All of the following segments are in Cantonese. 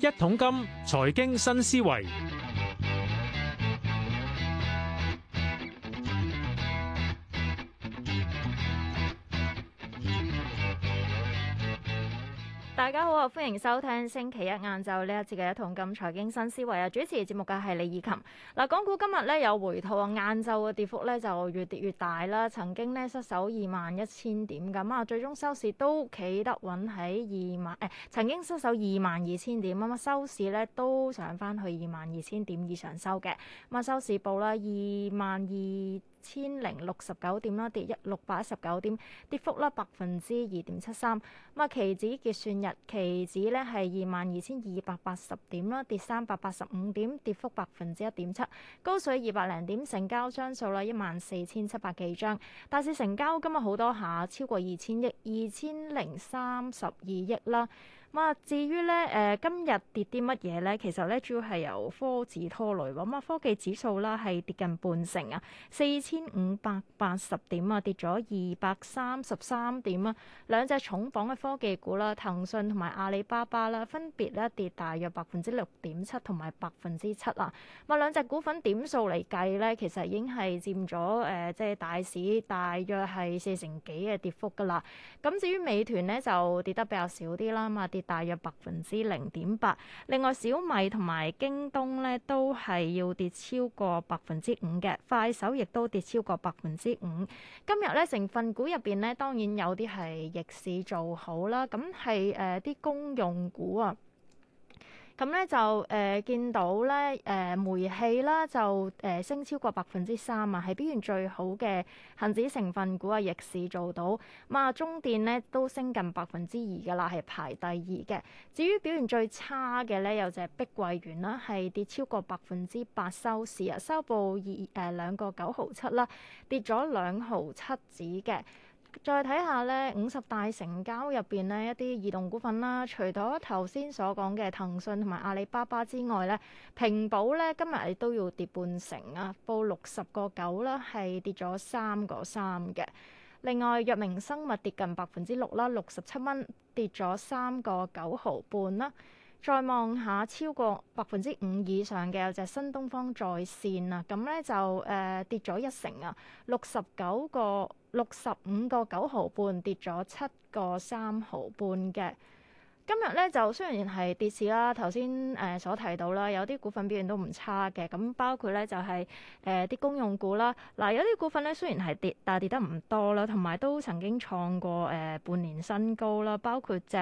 一桶金，財經新思維。大家好啊！歡迎收聽星期一晏晝呢一節嘅《次一同金財經新思維》啊！主持節目嘅係李以琴嗱。港股今日咧有回吐啊，晏晝嘅跌幅咧就越跌越大啦。曾經咧失守二萬一千點咁啊，最終收市都企得穩喺二萬誒、哎，曾經失守二萬二千點咁啊，收市咧都上返去二萬二千點以上收嘅。咁啊，收市報啦二萬二。22, 千零六十九點啦，跌一六百一十九點，跌幅啦百分之二點七三。咁啊，期指結算日期指咧係二萬二千二百八十點啦，跌三百八十五點，跌幅百分之一點七。高水二百零點，成交張數啦一萬四千七百幾張。大市成交今日好多下，超過二千億，二千零三十二億啦。咁啊，至於咧，誒、呃、今日跌啲乜嘢咧？其實咧，主要係由科指拖累。咁啊，科技指數啦係跌近半成啊，四千五百八十點啊，跌咗二百三十三點啊。兩隻重磅嘅科技股啦、啊，騰訊同埋阿里巴巴啦、啊，分別咧跌大約百分之六點七同埋百分之七啊。咁啊，兩隻股份點數嚟計咧，其實已經係佔咗誒，即、呃、係、就是、大市大約係四成幾嘅跌幅㗎啦。咁、啊、至於美團咧，就跌得比較少啲啦，嘛跌，大約百分之零點八，另外小米同埋京東咧都係要跌超過百分之五嘅，快手亦都跌超過百分之五。今日咧成份股入面咧，當然有啲係逆市做好啦，咁係誒啲公用股啊。咁咧就誒、呃、見到咧誒、呃，煤氣啦就誒、呃、升超過百分之三啊，係表現最好嘅恒指成分股啊，逆市做到。咁啊，中電咧都升近百分之二㗎喇，係排第二嘅。至於表現最差嘅咧，有隻碧桂園啦、啊，係跌超過百分之八收市啊，收報二誒兩個九毫七啦，跌咗兩毫七子嘅。再睇下咧，五十大成交入邊咧，一啲移動股份啦，除咗頭先所講嘅騰訊同埋阿里巴巴之外咧，平保咧今日亦都要跌半成啊，報六十個九啦，係跌咗三個三嘅。另外，藥明生物跌近百分之六啦，六十七蚊跌咗三個九毫半啦、啊。再望下超過百分之五以上嘅有隻新東方在線啊，咁咧就誒、呃、跌咗一成啊，六十九個。六十五個九毫半，95，跌咗七個三毫半嘅。今日咧就雖然係跌市啦，頭先誒所提到啦，有啲股份表現都唔差嘅。咁包括咧就係誒啲公用股啦，嗱、呃、有啲股份咧雖然係跌，但係跌得唔多啦，同埋都曾經創過誒、呃、半年新高啦。包括隻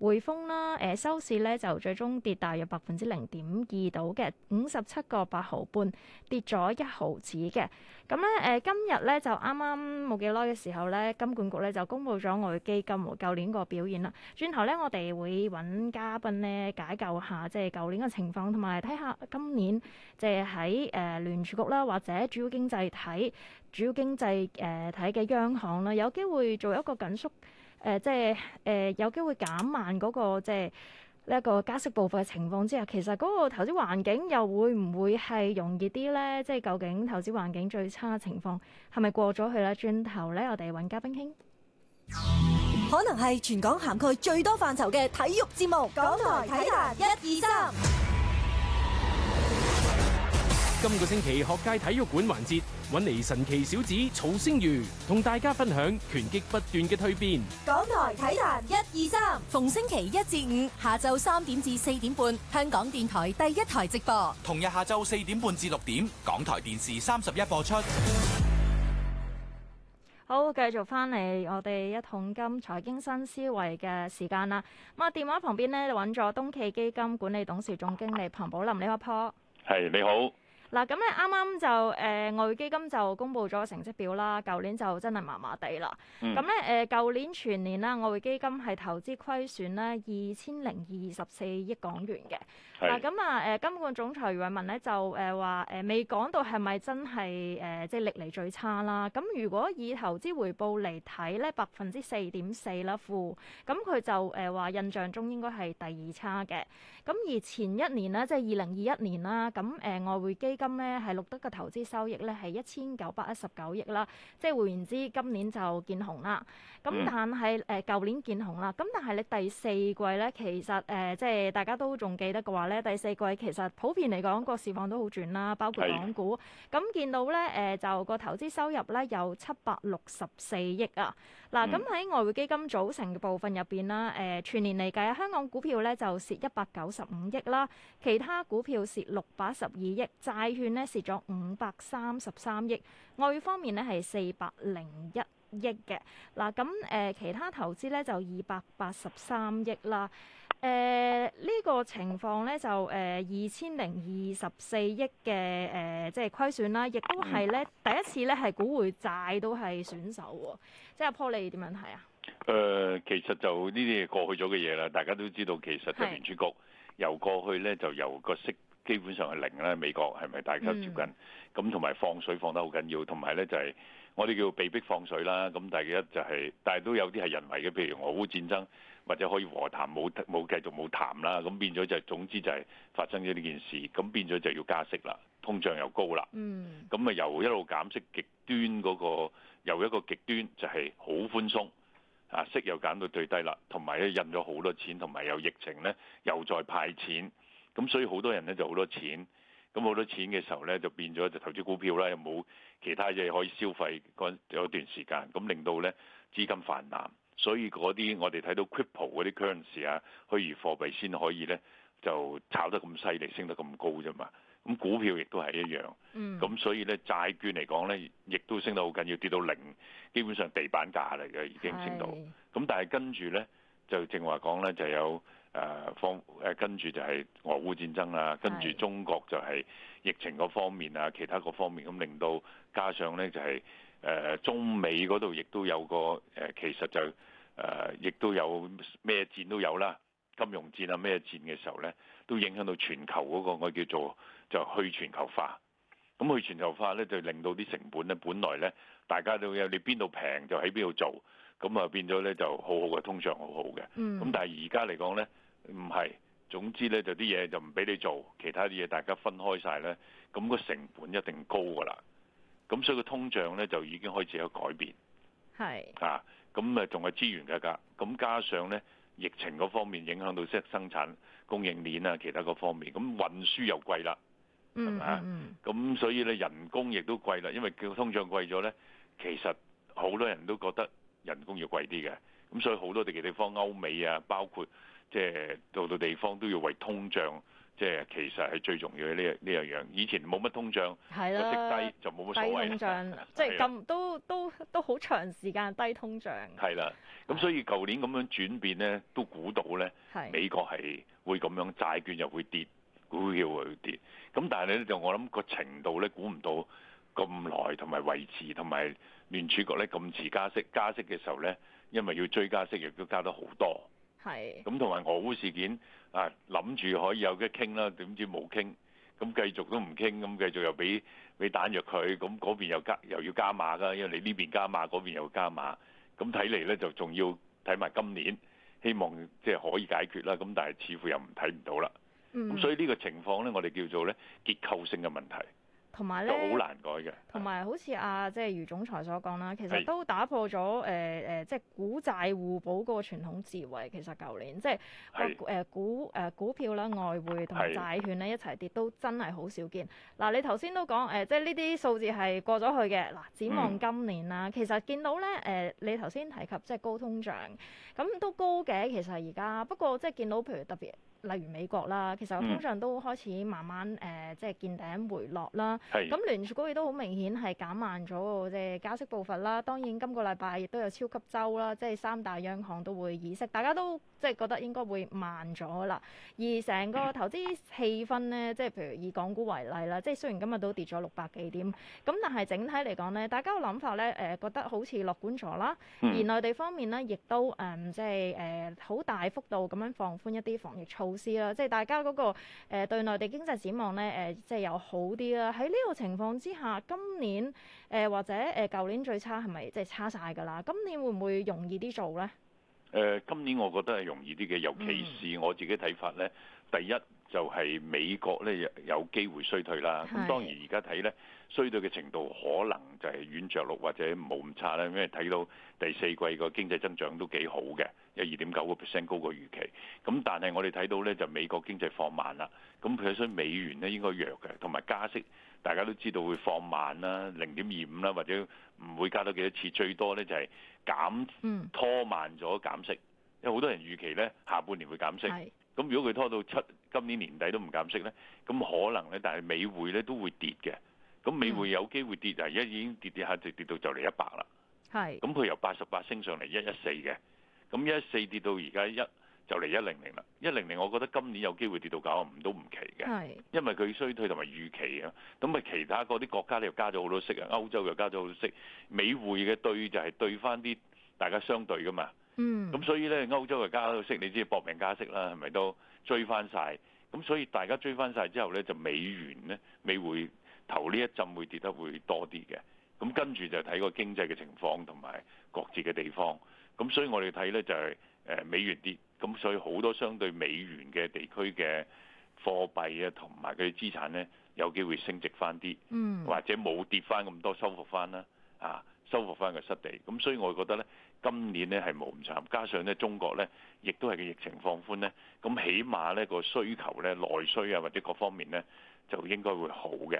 匯豐啦，誒、呃、收市咧就最終跌大約百分之零點二度嘅，五十七個八毫半跌咗一毫子嘅。咁咧誒今日咧就啱啱冇幾耐嘅時候咧，金管局咧就公布咗外匯基金和舊年個表現啦。轉頭咧我哋會。會揾嘉賓咧解構下，即係舊年嘅情況，同埋睇下今年，即係喺誒聯儲局啦，或者主要經濟體主要經濟誒睇嘅央行啦，有機會做一個緊縮，誒、呃、即係誒、呃、有機會減慢嗰、那個即係呢一個加息步伐嘅情況之下，其實嗰個投資環境又會唔會係容易啲呢？即係究竟投資環境最差嘅情況係咪過咗去啦？轉頭呢，我哋揾嘉賓傾。可能係全港涵蓋最多範疇嘅體育節目。港台體壇一二三。今個星期學界體育館環節，揾嚟神奇小子曹星如同大家分享拳擊不斷嘅蛻變。港台體壇一二三。逢星期一至五下晝三點至四點半，香港電台第一台直播。同日下晝四點半至六點，港台電視三十一播出。好，繼續翻嚟我哋一桶金財經新思維嘅時間啦。咁啊，電話旁邊咧就揾咗東企基金管理董事總經理龐寶林呢個坡。係，你好。嗱，咁咧啱啱就誒外匯基金就公布咗成績表啦，舊年就真係麻麻地啦。咁咧誒，舊年全年啦，外匯基金係投資虧損咧二千零二十四億港元嘅。嗱，咁啊誒，金管局總裁余偉文咧就誒話誒，未講到係咪真係誒、嗯、即係歷嚟最差啦。咁如果以投資回報嚟睇咧，百分之四點四啦負，咁佢就誒話印象中應該係第二差嘅。咁而前一年咧，即係二零二一年啦，咁、嗯、誒外匯基金。今咧係錄得嘅投資收益咧係一千九百一十九億啦，即係換言之，今年就見紅啦。咁但係誒舊年見紅啦，咁但係你第四季咧，其實誒、呃、即係大家都仲記得嘅話咧，第四季其實普遍嚟講個市況都好轉啦，包括港股。咁是見到咧誒、呃、就個投資收入咧有七百六十四億啊。嗱、嗯，咁喺外匯基金組成嘅部分入邊啦，誒、呃、全年嚟計，香港股票咧就蝕一百九十五億啦，其他股票蝕六百一十二億債。券呢蝕咗五百三十三億，外匯方面呢係四百零一億嘅。嗱咁誒其他投資咧就二百八十三億啦，誒、呃、呢、這個情況咧就誒二千零二十四億嘅誒即係虧損啦，亦都係咧第一次咧係股匯債都係選手喎、啊，即係阿 Paul 點樣睇啊？誒、呃，其實就呢啲嘢過去咗嘅嘢啦，大家都知道，其實就聯儲局的由過去咧就由個息。基本上係零啦，美國係咪大家接近？咁同埋放水放得好緊要，同埋咧就係我哋叫被逼放水啦。咁第一就係、是，但係都有啲係人為嘅，譬如俄烏戰爭或者可以和談冇冇繼續冇談啦。咁變咗就係、總之就係發生咗呢件事，咁變咗就要加息啦，通脹又高啦。咁咪、嗯、由一路減息極端嗰、嗰個，由一個極端就係好寬鬆啊，息又減到最低啦，同埋咧印咗好多錢，同埋有疫情咧又再派錢。咁所以好多人咧就好多錢，咁好多錢嘅時候咧就變咗就投資股票啦，又冇其他嘢可以消費嗰陣有一段時間，咁令到咧資金氾濫，所以嗰啲我哋睇到 crypto 嗰啲 currency 啊虛擬貨幣先可以咧就炒得咁犀利，升得咁高啫嘛。咁股票亦都係一樣，咁、嗯、所以咧債券嚟講咧，亦都升得好緊要，跌到零，基本上地板價嚟嘅已經升到，咁是但係跟住咧就正話講咧就有。誒方誒跟住就係俄烏戰爭啦。跟住中國就係疫情嗰方面啊，其他嗰方面咁令到加上咧就係、是、誒、呃、中美嗰度亦都有個誒、呃，其實就誒亦、呃、都有咩戰都有啦，金融戰啊咩戰嘅時候咧，都影響到全球嗰、那個我叫做就是、去全球化，咁去全球化咧就令到啲成本咧，本來咧大家都有，你邊度平就喺邊度做，咁啊變咗咧就好好嘅通脹好好嘅，咁、嗯、但係而家嚟講咧。唔係，總之咧就啲嘢就唔俾你做，其他啲嘢大家分開晒咧，咁個成本一定高噶啦。咁所以個通脹咧就已經開始有改變。係是。啊，咁啊仲係資源價格，咁加上咧疫情嗰方面影響到即生產供應鏈啊，其他嗰方面，咁運輸又貴啦，係咪啊？咁、嗯嗯、所以咧人工亦都貴啦，因為叫通脹貴咗咧，其實好多人都覺得人工要貴啲嘅，咁所以好多地嘅地方歐美啊，包括。即係到到地方都要為通脹，即係其實係最重要嘅呢樣呢樣樣。以前冇乜通脹，個息低就冇乜所謂通脹， 的即係咁都都都好長時間低通脹。係啦，咁所以舊年咁樣轉變咧，都估到咧，的美國係會咁樣，債券又會跌，股票會跌。咁但係咧就我諗個程度咧，估唔到咁耐同埋維持，同埋聯儲局咧咁遲加息。加息嘅時候咧，因為要追加息，加息，亦都加得好多。係，咁同埋俄烏事件啊，諗住可以有嘅傾啦，點知冇傾，咁繼續都唔傾，咁繼續又俾俾彈藥佢，咁嗰邊又加又要加碼㗎，因為你呢邊加碼，嗰邊又加碼，咁睇嚟咧就仲要睇埋今年，希望即係、就是、可以解決啦，咁但係似乎又唔睇唔到啦，咁、嗯、所以呢個情況咧，我哋叫做咧結構性嘅問題。同埋咧，好難改嘅。同埋好似阿即係余總裁所講啦，其實都打破咗誒誒，即係股債互補嗰個傳統智慧。其實舊年即係、就是那個誒是、呃、股誒、呃、股票啦、外匯同埋債券咧一齊跌，是都真係好少見。嗱、啊，你頭先都講誒，即係呢啲數字係過咗去嘅。嗱，展望今年啦，嗯、其實見到咧誒、呃，你頭先提及即係高通脹，咁都高嘅。其實而家不過即係見到譬如特別。例如美國啦，其實我通常都開始慢慢誒、呃，即係見頂回落啦。咁是聯儲局亦都好明顯係減慢咗即係加息步伐啦。當然今個禮拜亦都有超級週啦，即係三大央行都會議息，大家都。即係覺得應該會慢咗啦，而成個投資氣氛咧，即係譬如以港股為例啦，即係雖然今日都跌咗六百幾點，咁但係整體嚟講咧，大家嘅諗法咧，誒、呃、覺得好似樂觀咗啦。而內地方面咧，亦都誒、嗯、即係誒好大幅度咁樣放寬一啲防疫措施啦，即係大家嗰、那個誒、呃、對內地經濟展望咧，誒、呃、即係有好啲啦。喺呢個情況之下，今年誒、呃、或者誒舊年最差係咪即係差晒㗎啦？今年會唔會容易啲做咧？誒，今年我覺得係容易啲嘅，尤其是我自己睇法咧，第一就係美國咧有機會衰退啦。咁的當然而家睇咧衰退嘅程度可能就係軟着陸或者冇咁差啦，因為睇到第四季個經濟增長都幾好嘅，有二點九個 percent 高過預期。咁但係我哋睇到咧就美國經濟放慢啦，咁佢所以美元咧應該弱嘅，同埋加息大家都知道會放慢啦，零點二五啦，或者唔會加到幾多次，最多咧就係、是。減拖慢咗減息，因為好多人預期咧下半年會減息，咁是如果佢拖到七今年年底都唔減息咧，咁可能咧，但係美匯咧都會跌嘅，咁美匯有機會跌啊，而家已經跌跌下跌跌到就嚟一百啦，係是，咁佢由八十八升上嚟一一四嘅，咁一一四跌到而家一。就嚟一零零啦！一零零，我覺得今年有機會跌到九啊五都唔奇嘅，是因為佢衰退同埋預期啊。咁啊，其他嗰啲國家咧又加咗好多息，歐洲又加咗好多息。美匯嘅兌就係兌翻啲大家相對㗎嘛。嗯。咁所以咧，歐洲又加咗息，你知搏命加息啦，係咪都追翻晒？咁所以大家追翻晒之後咧，就美元咧美匯頭呢一陣會跌得會多啲嘅。咁跟住就睇個經濟嘅情況同埋各自嘅地方。咁所以我哋睇咧就係、是、誒、呃、美元跌。咁所以好多相對美元嘅地區嘅貨幣啊，同埋佢資產咧，有機會升值翻啲，嗯，或者冇跌翻咁多，收復翻啦，啊，收復翻個失地。咁所以我覺得咧，今年咧係冇咁慘，加上咧中國咧，亦都係個疫情放寬咧，咁起碼咧個需求咧內需啊，或者各方面咧，就應該會好嘅，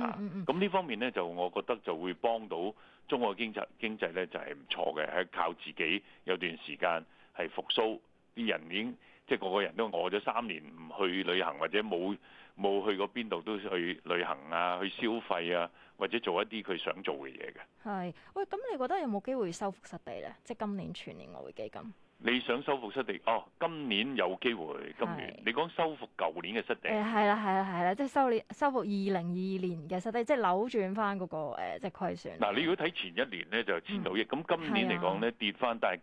啊。咁呢方面咧就我覺得就會幫到中國經濟經濟咧就係、是、唔錯嘅，係靠自己有段時間係復蘇。啲人已經即係個個人都餓咗三年，唔去旅行或者冇冇去過邊度都去旅行啊，去消費啊，或者做一啲佢想做嘅嘢嘅。係，喂，咁你覺得有冇機會收復失地咧？即係今年全年外匯基金。你想收復失地。哦，今年有機會，今年是你講收復舊年嘅失地。誒，係啦，係啦，係啦，即係收，收復收復二零二二年嘅失地，即係扭轉翻、那、嗰個、呃、即係虧損。嗱，你如果睇前一年咧，就千到億，咁、嗯、今年嚟講咧跌翻，但係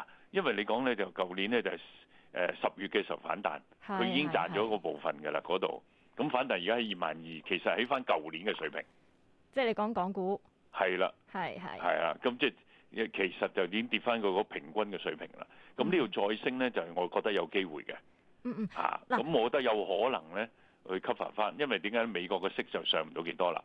嗱。因為你講咧就舊年咧就誒、是、十、呃、月嘅時候反彈，佢是的 已經賺咗個部分㗎啦嗰度。咁是的 反彈而家喺二萬二，其實起翻舊年嘅水平。即係你講港股。係啦的。係係。係啊，咁的即係其實就已經跌翻個個平均嘅水平啦。咁呢度再升咧，嗯、就係我覺得有機會嘅。嗯嗯。嚇、啊，咁我覺得有可能咧去吸發翻，因為點解美國嘅息就上唔到幾多啦？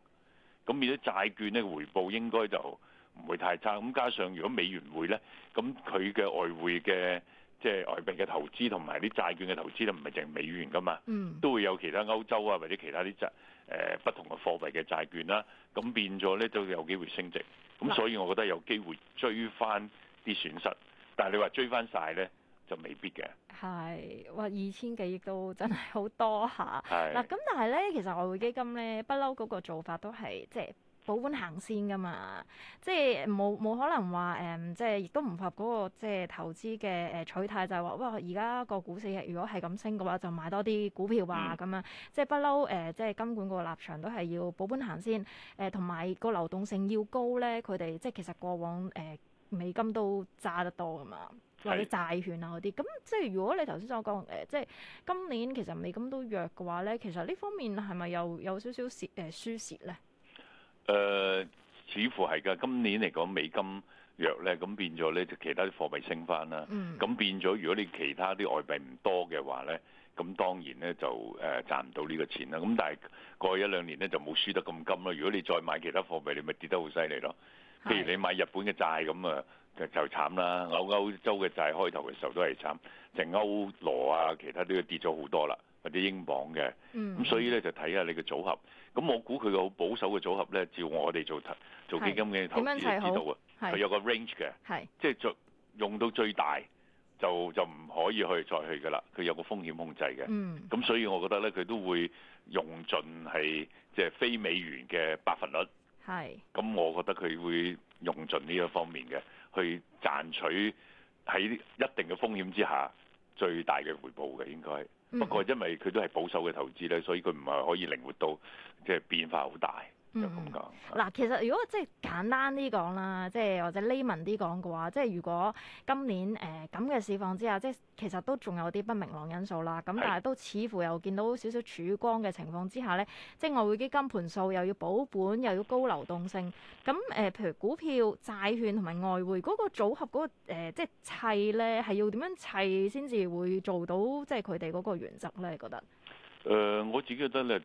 咁變咗債券咧回報應該就，唔會太差，咁加上如果美元匯咧，咁佢嘅外匯嘅即係外幣嘅投資同埋啲債券嘅投資咧，唔係淨美元㗎嘛，嗯、都會有其他歐洲啊或者其他啲債誒不同嘅貨幣嘅債券啦，咁變咗咧都有機會升值，咁所以我覺得有機會追翻啲損失，但係你話追翻晒咧就未必嘅。係，哇！二千幾億都真係好多下。係是。嗱、啊，咁但係咧，其實外匯基金咧不嬲嗰個做法都係即係。保本行先噶嘛，即係冇冇可能話誒、嗯，即係亦都唔合嗰、那個即係投資嘅誒取態，就係、是、話哇，而家個股市如果係咁升嘅話，就買多啲股票啊咁、嗯、樣。即係不嬲誒，即係金管個立場都係要保本行先誒，同、呃、埋個流動性要高咧。佢哋即係其實過往誒、呃、美金都揸得多噶嘛，是或者債券啊嗰啲。咁即係如果你頭先所講誒，即係今年其實美金都弱嘅話咧，其實呢方面係咪又有少少蝕誒輸蝕咧？誒、呃，似乎係㗎。今年嚟講，美金弱咧，咁變咗咧就其他啲貨幣升翻啦。咁、嗯、變咗，如果你其他啲外幣唔多嘅話咧，咁當然咧就誒、呃、賺唔到呢個錢啦。咁但係過去一兩年咧就冇輸得咁金咯。如果你再買其他貨幣，你咪跌得好犀利咯。譬如你買日本嘅債咁啊。的就就慘啦！歐歐洲嘅債開頭嘅時候都係慘，成歐羅啊，其他都嘅跌咗好多啦。嗰啲英鎊嘅咁，嗯、所以咧就睇下你嘅組合。咁我估佢個好保守嘅組合咧，照我哋做投做基金嘅投資知道啊。佢是有個 range 嘅，即係是用到最大就就唔可以去再去噶啦。佢有個風險控制嘅咁，嗯、所以我覺得咧，佢都會用盡係即係非美元嘅百分率。係咁是，是我覺得佢會用盡呢一方面嘅。去賺取喺一定嘅風險之下最大嘅回報嘅應該，不過因為佢都係保守嘅投資咧，所以佢唔係可以靈活到即係變化好大。嗯嗯，嗱，嗯、啦其實如果即係簡單啲講啦，即係 或者 layman 啲講嘅話，即係如果今年誒咁嘅市況之下，即係其實都仲有啲不明朗因素啦。咁是但係都似乎又見到少少曙光嘅情況之下咧，即係外匯基金盤數又要保本，又要高流動性。咁誒、呃，譬如股票、債券同埋外匯嗰個組合嗰、那個、呃、即係砌咧係要點樣砌先至會做到即係佢哋嗰個原則咧？你覺得誒、呃，我自己覺得咧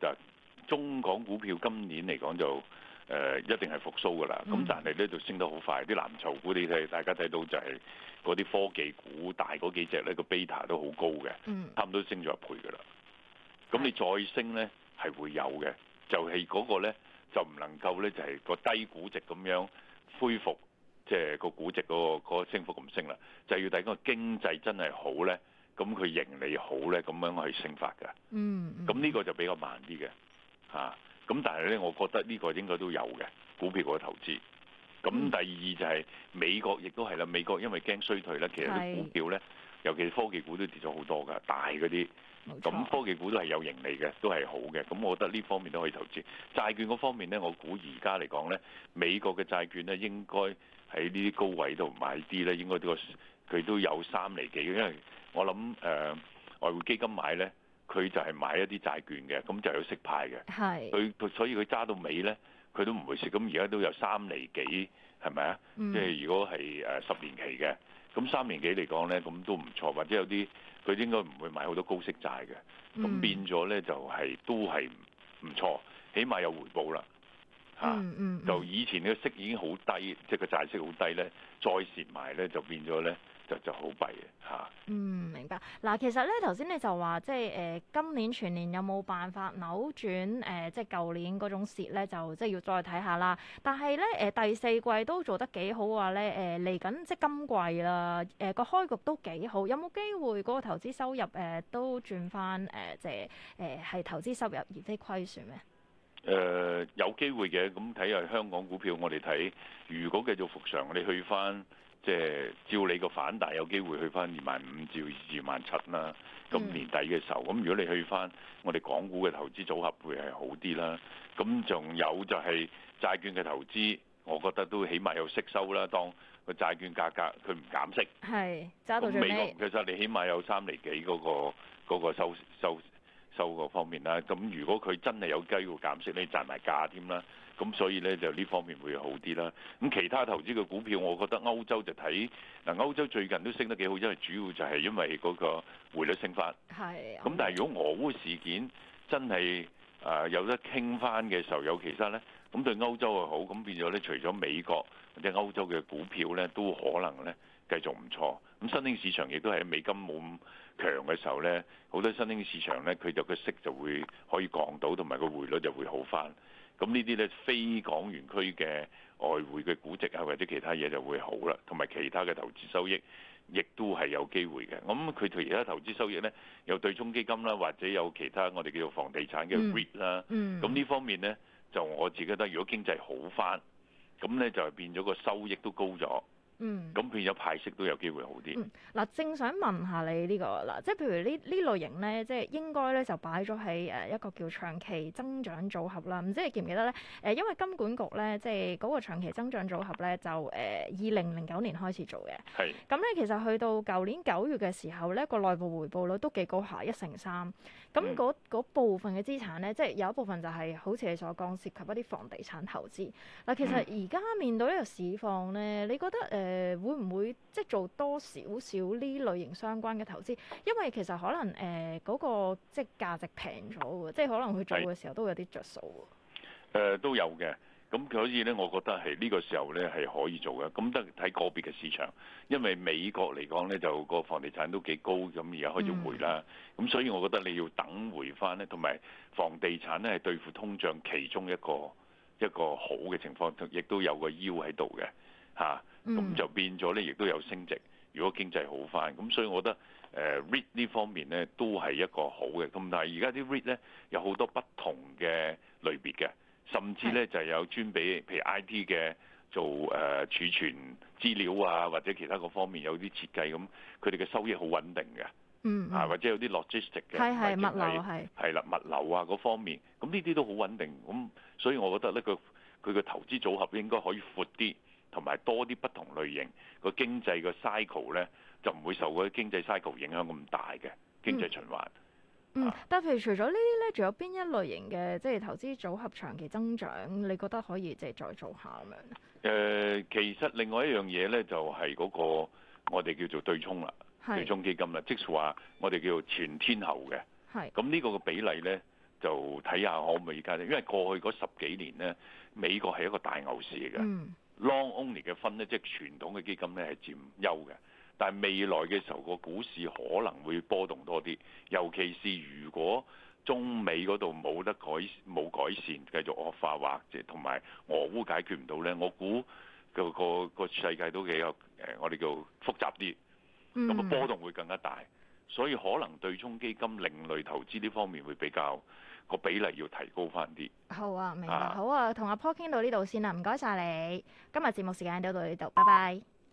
中港股票今年嚟講就誒、呃、一定係復甦㗎啦。咁、嗯、但係咧就升得好快，啲藍籌股你睇，大家睇到就係嗰啲科技股大嗰幾隻咧個 beta、那個、都好高嘅，嗯、差唔多升咗一倍㗎啦。咁你再升咧係會有嘅，就係、是、嗰個咧就唔能夠咧就係、是、個低估值咁樣恢復，即、就、係、是、個估值、那個、那個升幅咁升啦，就係要睇嗰個經濟真係好咧，咁佢盈利好咧，咁樣去升發㗎。嗯，咁呢、嗯、個就比較慢啲嘅。啊，咁但係咧，我覺得呢個應該都有嘅股票嘅投資。咁第二就係美國亦都係啦，美國因為驚衰退咧，其實啲股票咧，是尤其是科技股都跌咗好多㗎，大嗰啲。咁科技股都係有盈利嘅，都係好嘅。咁我覺得呢方面都可以投資。債券嗰方面咧，我估而家嚟講咧，美國嘅債券咧，應該喺呢啲高位度買啲咧，應該都、這、佢、個、都有三釐幾，因為我諗誒、呃、外匯基金買咧。佢就係買一啲債券嘅，咁就有息派嘅。係是，佢所以佢揸到尾咧，佢都唔會蝕。咁而家都有三厘幾，係咪啊？嗯、即係如果係誒十年期嘅，咁三年幾嚟講咧，咁都唔錯，或者有啲佢應該唔會買好多高息債嘅。咁變咗咧就係、是、都係唔錯，起碼有回報啦。嚇、嗯啊！就以前呢個息已經好低，即係個債息好低咧，再蝕埋咧就變咗咧。就就好弊嘅嚇。啊、嗯，明白。嗱、啊，其實咧，頭先你就話，即係誒、呃、今年全年有冇辦法扭轉誒、呃，即係舊年嗰種蝕咧，就即係要再睇下啦。但係咧，誒、呃、第四季都做得幾好嘅、啊、咧，誒嚟緊即係今季啦，誒、呃、個開局都幾好。有冇機會嗰個投資收入誒、呃、都轉翻誒、呃、即係誒係投資收入而非虧損咩？誒、呃、有機會嘅，咁睇下香港股票我，我哋睇如果繼續復常我哋去翻。即係照你個反彈有機會去翻二萬五至二萬七啦。咁年底嘅時候，咁、嗯、如果你去翻我哋港股嘅投資組合會係好啲啦。咁仲有就係債券嘅投資，我覺得都起碼有息收啦。當個債券價格佢唔減息，係，揸到最尾。咁美國其實你起碼有三厘幾嗰個嗰個收收收個方面啦。咁如果佢真係有機會減息，你賺埋價添啦。咁所以咧就呢方面會好啲啦。咁其他投資嘅股票，我覺得歐洲就睇嗱，歐洲最近都升得幾好，因為主要就係因為嗰個匯率升翻。係的。咁但係如果俄烏事件真係誒、呃、有得傾翻嘅時候尤其係咧，咁對歐洲又好，咁變咗咧除咗美國或者歐洲嘅股票咧，都可能咧繼續唔錯。咁新興市場亦都係美金冇咁強嘅時候咧，好多新興市場咧佢就個息就會可以降到，同埋個匯率就會好翻。咁呢啲咧非港元區嘅外匯嘅估值啊，或者其他嘢就會好啦，同埋其他嘅投資收益，亦都係有機會嘅。咁佢而家投資收益咧，有對沖基金啦，或者有其他我哋叫做房地產嘅 REIT 啦。嗯、咁、嗯、呢方面咧，就我自己覺得，如果經濟好返，咁咧就變咗個收益都高咗。嗯，咁變咗派息都有機會好啲。嗱、嗯，正想問下你呢、呢個嗱，即係譬如呢呢類型咧，即係應該咧就擺咗喺誒一個叫長期增長組合啦。唔知你記唔記得咧？誒，因為金管局咧，即係嗰個長期增長組合咧，就誒二零零九年開始做嘅。係是。咁咧、嗯，嗯、其實去到舊年九月嘅時候咧，個內部回報率都幾高下，一成三、嗰個。咁嗰、嗯、部分嘅資產咧，即係有一部分就係好似你所講涉及一啲房地產投資。嗱、嗯，嗯、其實而家面對呢個市況咧，你覺得誒？呃誒會唔會即係做多少少呢類型相關嘅投資？因為其實可能誒嗰、呃那個即係價值平咗嘅，即係可能去做嘅時候都有啲着數喎。誒都有嘅，咁所以咧，我覺得係呢個時候咧係可以做嘅。咁得睇個別嘅市場，因為美國嚟講咧就個房地產都幾高，咁而家開始回啦，咁、嗯、所以我覺得你要等回翻咧，同埋房地產咧係對付通脹其中一個一個好嘅情況，亦都有個腰喺度嘅嚇。啊。咁、嗯、就變咗咧，亦都有升值。如果經濟好返，咁所以我覺得誒 REIT 呢方面咧都係一個好嘅。咁但係而家啲 REIT 咧有好多不同嘅類別嘅，甚至咧是就係有專俾譬如 IT 嘅做誒、呃、儲存資料啊，或者其他個方面有啲設計咁，佢哋嘅收益好穩定嘅。嗯啊，或者有啲 logistic 嘅，係係的的物流係係啦，物流啊嗰方面，咁呢啲都好穩定。咁所以我覺得呢，佢佢嘅投資組合應該可以闊啲。同埋多啲不同類型個經濟個 cycle 咧，就唔會受嗰啲經濟 cycle 影響咁大嘅經濟循環。嗯，啊、嗯，但係譬如除咗呢啲咧，仲有邊一類型嘅即係投資組合長期增長，你覺得可以即係再做下咁樣？誒、呃，其實另外一樣嘢咧，就係、是、嗰個我哋叫做對沖啦，是對沖基金啦，即係話我哋叫做全天候嘅。係是。咁呢個嘅比例咧，就睇下可唔可以加。因為過去嗰十幾年咧，美國係一個大牛市嚟嘅。嗯。Long only 嘅分咧，即係傳統嘅基金咧係佔優嘅，但係未來嘅時候個股市可能會波動多啲，尤其是如果中美嗰度冇得改冇改善，繼續惡化、er, 或者同埋俄烏解決唔到咧，我估個個個世界都幾誒，我哋叫複雜啲，咁、那、啊、個、波動會更加大，所以可能對沖基金另類投資呢方面會比較。個比例要提高翻啲。好啊，明白。啊好啊，同阿 Paul 傾到呢度先啦，唔該晒你。今日節目時間到到呢度，拜拜。